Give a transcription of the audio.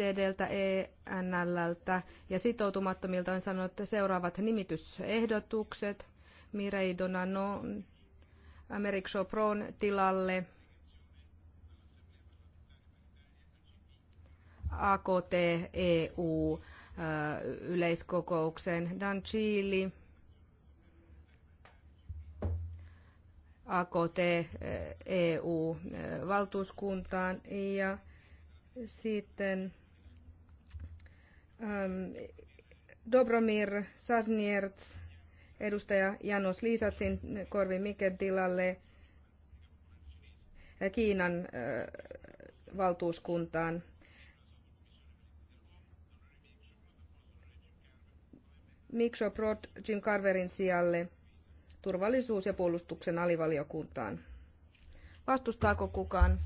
EFDDltä, ENLltä ja sitoutumattomilta on sanonut, että seuraavat nimitysehdotukset Mirei Donanon Amerik Chopron tilalle AKT EU yleiskokoukseen Dan Chili AKT EU valtuuskuntaan ja sitten ähm, Dobromir Sazniertz, edustaja Janos Liisatsin Korvi Miken tilalle äh, Kiinan äh, valtuuskuntaan. Mikso Prod Jim Carverin sijalle turvallisuus- ja puolustuksen alivaliokuntaan. Vastustaako kukaan?